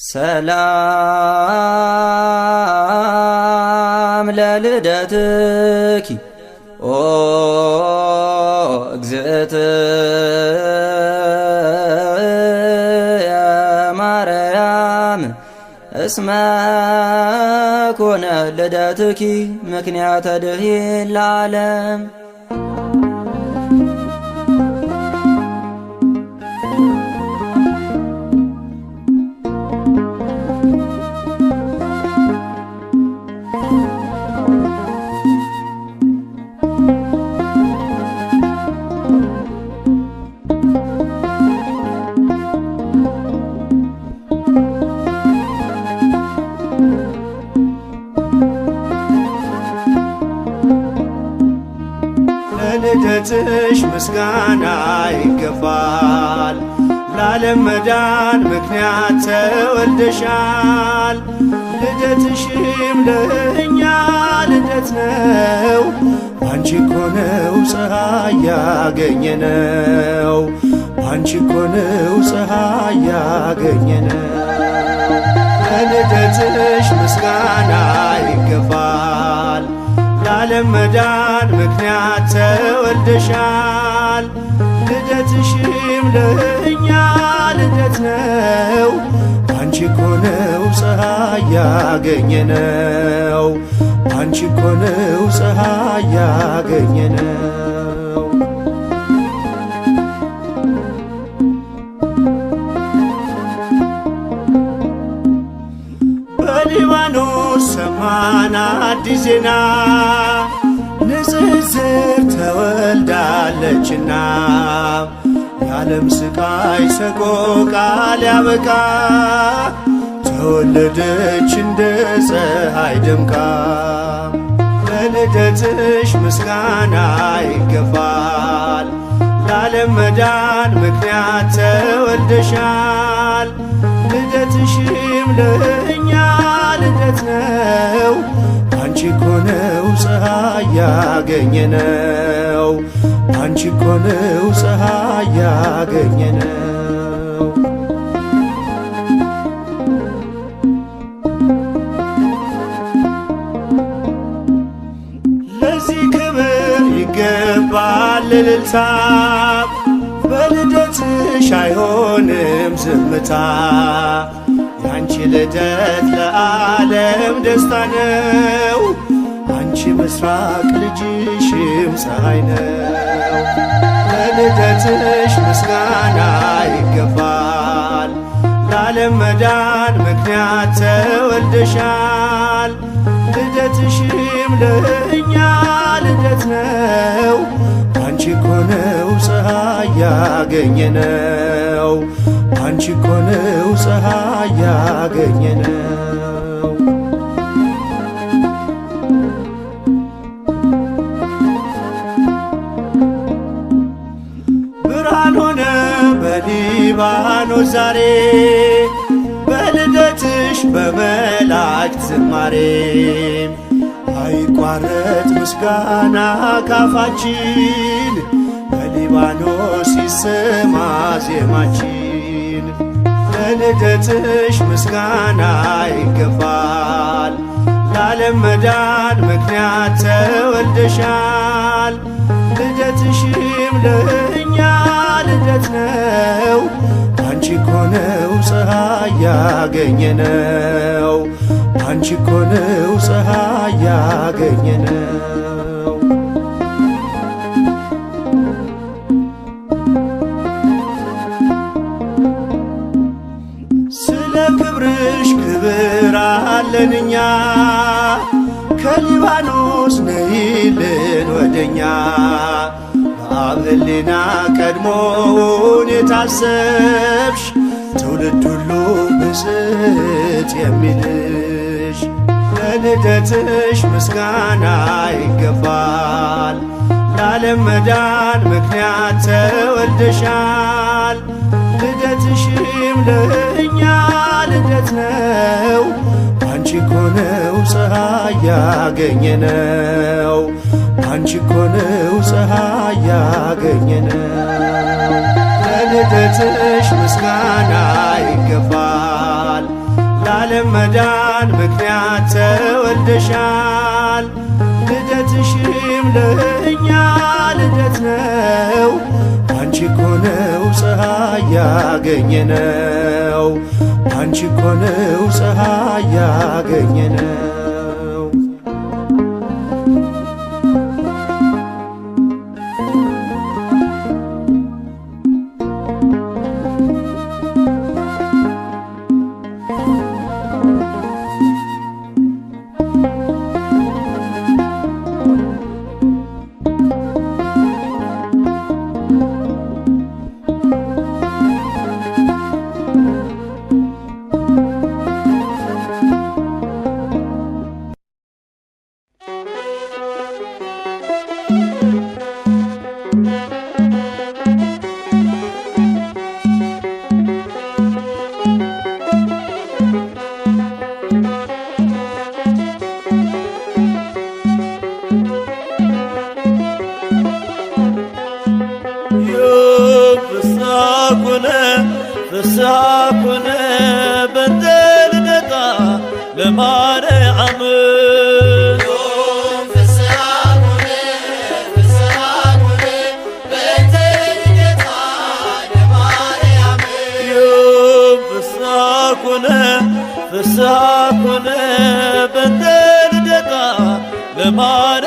ሰላም ለልደትኪ ኦ እግዝእትየ ማርያም እስመ ኮነ ልደትኪ ምክንያተ ድኂን ለዓለም ለእምነትሽ ምስጋና ይገባል። ለዓለም መዳን ምክንያት ተወልደሻል። ልደትሽም ለእኛ ልደት ነው። ባንቺ ኮነው ነው ፀሐይ ያገኘነው። ባንቺ ኮነው ነው ፀሐይ ያገኘነው። ለልደትሽ ምስጋና ይገባል። የዓለም መዳን ምክንያት ተወልደሻል። ልደትሽም ለእኛ ልደት ነው። አንቺ ኮነው ፀሐይ ያገኘነው አንቺ ኮነው ፀሐይ ያገኘነው በዙፋን አዲስ ዜና ንጽጽር ተወልዳለችና የዓለም ስቃይ ሰቆቃ ሊያበቃ ተወለደች እንደ ፀሐይ ደምቃ ለልደትሽ ምስጋና ይገባል። ለዓለም መዳን ምክንያት ተወልደሻል። ልደትሽም ለእኛ ማለት ነው አንቺ ኮነው ፀሐይ ነው አንቺ ኮነው ፀሐይ ነው ለዚህ ክብር ይገባል ልልታ በልደትሽ አይሆንም ዝምታ ልደት ለዓለም ደስታ ነው። አንቺ ምስራቅ ልጅሽም ፀሐይ ነው። ለልደትሽ ምስጋና ይገባል። ለዓለም መዳን ምክንያት ተወልደሻል። ልደትሽም ለእኛ ልደት ነው። አንቺ ኮነው ፀሐይ ያገኘነው አንቺ እኮ ነው ፀሐይ ያገኘነው። ብርሃን ሆነ በሊባኖስ ዛሬ በልደትሽ በመላእክት ዝማሬ አይቋረጥ ምስጋና ካፋችን በሊባኖስ ይሰማ ዜማችን። ለልደትሽ ምስጋና ይገባል። ለዓለም መዳን ምክንያት ተወልደሻል። ልደትሽም ለእኛ ልደት ነው። አንቺ ኮነው ፀሐይ ያገኘነው አንቺ ኮነው ፀሐይ ያገኘነው ክብር አለን እኛ ከሊባኖስ ነይልን ወደኛ በአብህሊና ቀድሞውን የታሰብሽ ትውልድ ሁሉ ብፅዕት የሚልሽ ለልደትሽ ምስጋና ይገባል። ለዓለም መዳን ምክንያት ተወልደሻል ልደትሽም ለ የት ነው? አንቺ እኮ ነው ፀሐይ ያገኘነው፣ አንቺ እኮ ነው ፀሐይ ያገኘነው። ለልደትሽ ምስጋና ይገባል፣ ለዓለም መዳን ምክንያት ተወልደሻል። ልደትሽም ለእኛ ልደት ነው አንቺ ኮነው ፀሐይ ያገኘነው አንቺ ኮነው ፀሐይ ያገኘነው ሆነ ፍስሐ ሆነ በደል ደጋ ለማረ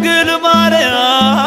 gül var ya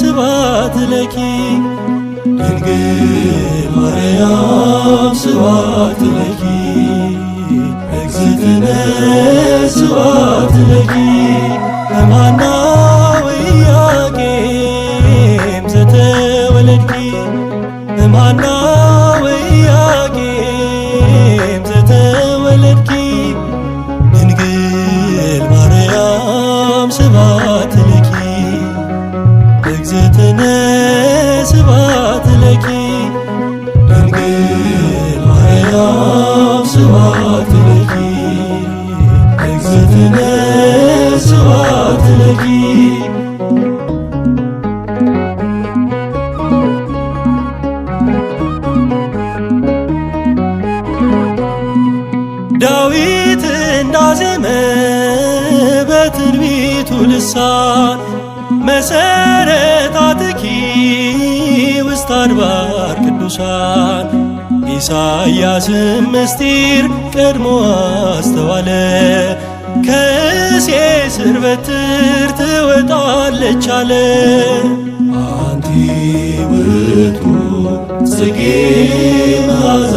ስባት ለኪ ድንግል ማርያም ስባት ለኪ እግዝእትነ ስባት ለኪ በትንቢቱ ልሳን መሰረት አትኪ ውስጥ አድባር ቅዱሳን ኢሳያስም ምስጢር ቀድሞ አስተዋለ ከሴ ስር በትር ትወጣለች አለ አንቲ ውእቱ ጽጌ መዓዛ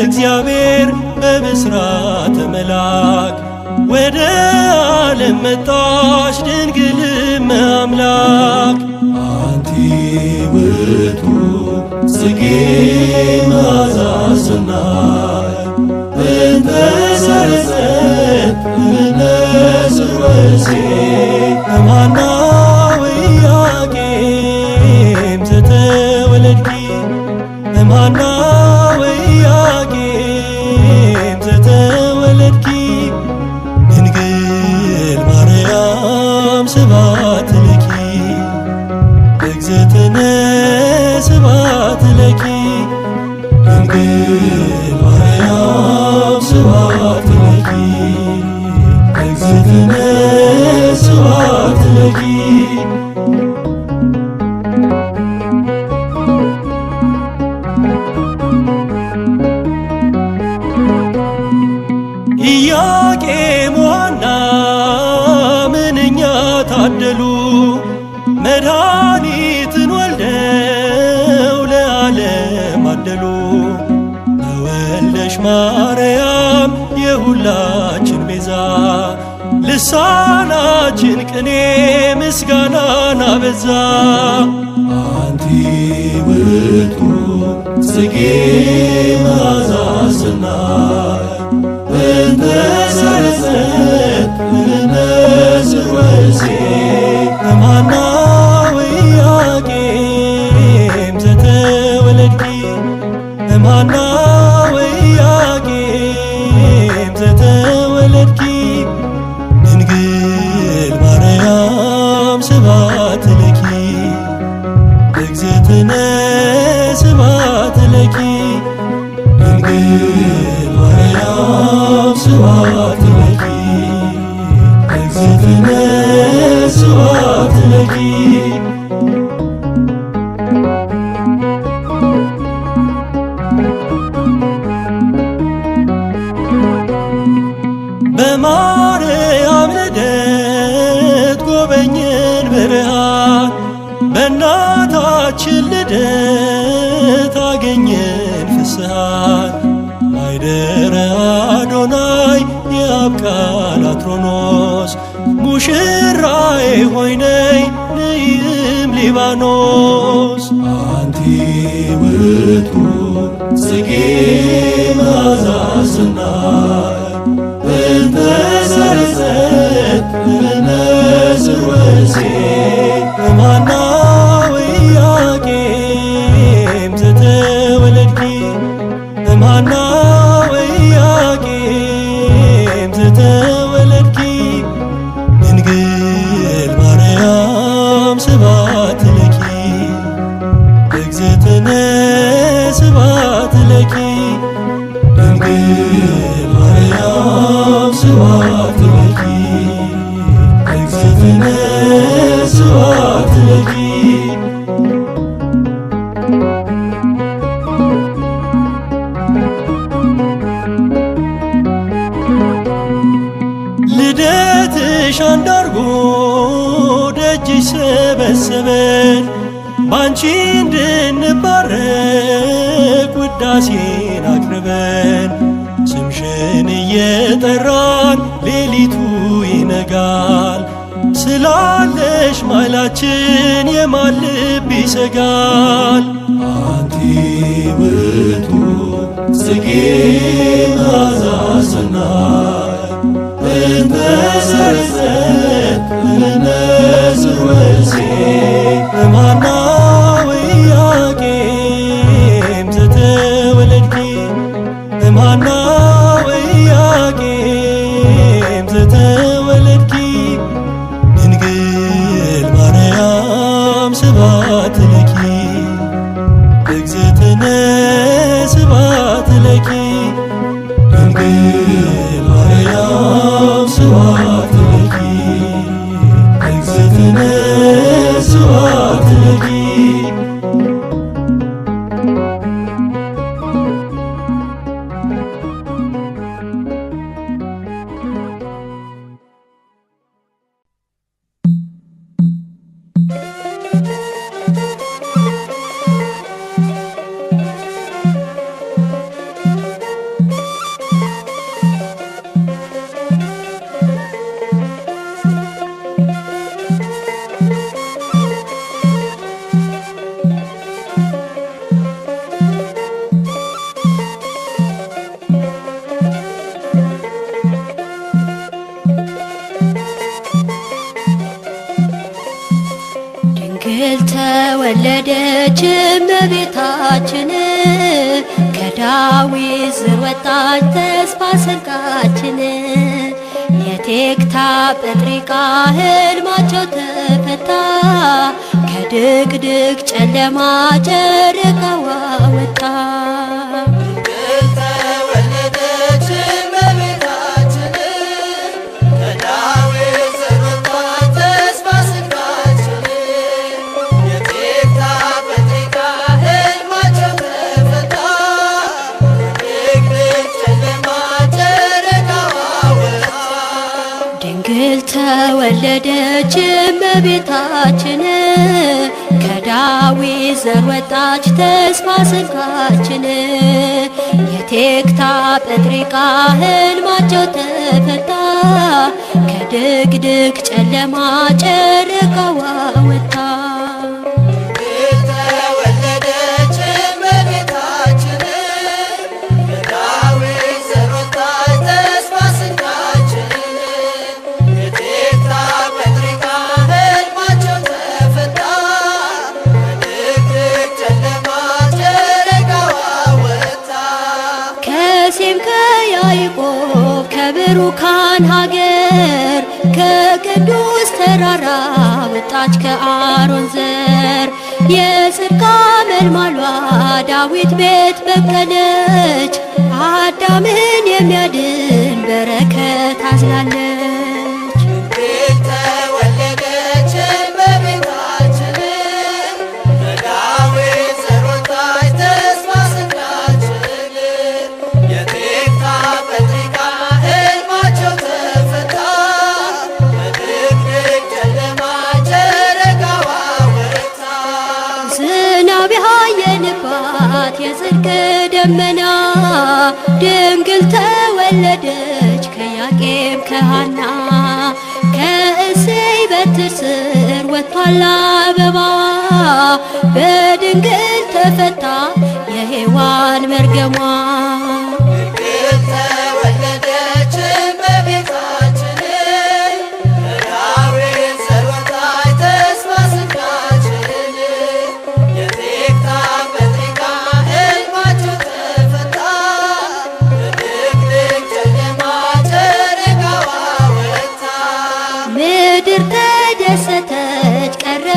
እግዚአብሔር በብስራተ መልአክ ወደ ዓለም መጣሽ ድንግል አምላክ አንቲ ውቱ ጽጌ መዓዛ ሰናይ እንተ ሰርፀት እምነስር ወሴት በማና ወኢያቄም ዘተወለድኪ በማና be. በዛ አንቲ ውእቱ ጽጌ መዓዛ እንተ ዘተወለድኪ ስደት አገኘን ፍስሐን ማይደረ አዶናይ የአብቃል አትሮኖስ ሙሽራዬ ሆይ ነይ ሊባኖስ አንቲ ውቱ ጽጌ መዓዛ ወሴ ደጅ ሰበሰበን ባንቺ እንድንባረክ ውዳሴን አቅርበን ስምሽን እየጠራን ሌሊቱ ይነጋል ስላለሽ ማይላችን የማን ልብ ይሰጋል አንቲ ውእቱ ጽጌ ናዛሰና ለመዝወልሴ ለማና መድኃኒታችን ከዳዊት ዝር ወጣች ተስፋ ስንቃችን የቴክታ ጴጥሪቃ ህልማቸው ተፈታ ከድቅድቅ ጨለማ ጨረቃዋ ወጣ ታች ተስፋ ስልካችን የቴክታ ጴጥሪቃ ህልማቸው ተፈታ ከድቅድቅ ጨለማ ጨረቃዋ ከከነዓን ሀገር ከቅዱስ ተራራ ወጣች ከአሮን ዘር የጽድቅ መልማሏ ዳዊት ቤት በቀለች አዳምን የሚያድ ደመና ድንግል ተወለደች ከያቄም ከሃና ከእሴይ በትር ስር ወጥቷል አበባ በድንግል ተፈታ የሔዋን መርገሟ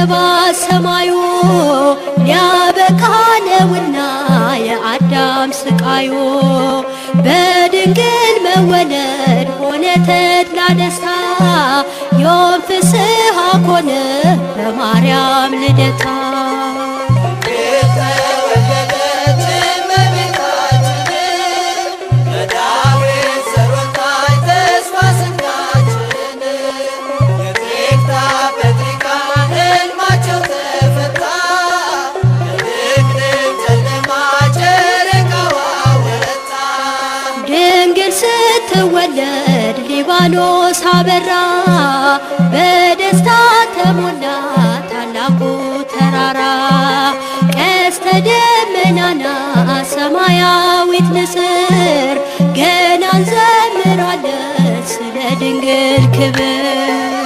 ሲገባ ሰማዩ ሊያበቃ የአዳም ስቃዩ በድንግል መወለድ ሆነ ተድላ ደስታ ዮም ፍስሐ ኮነ በማርያም ልደታ ሲወለድ ሊባኖስ አበራ በደስታ ተሞላ ታላቁ ተራራ ቀስተ ደመናና ሰማያዊት ንስር ገናን ዘምራለ ስለ ድንግል ክብር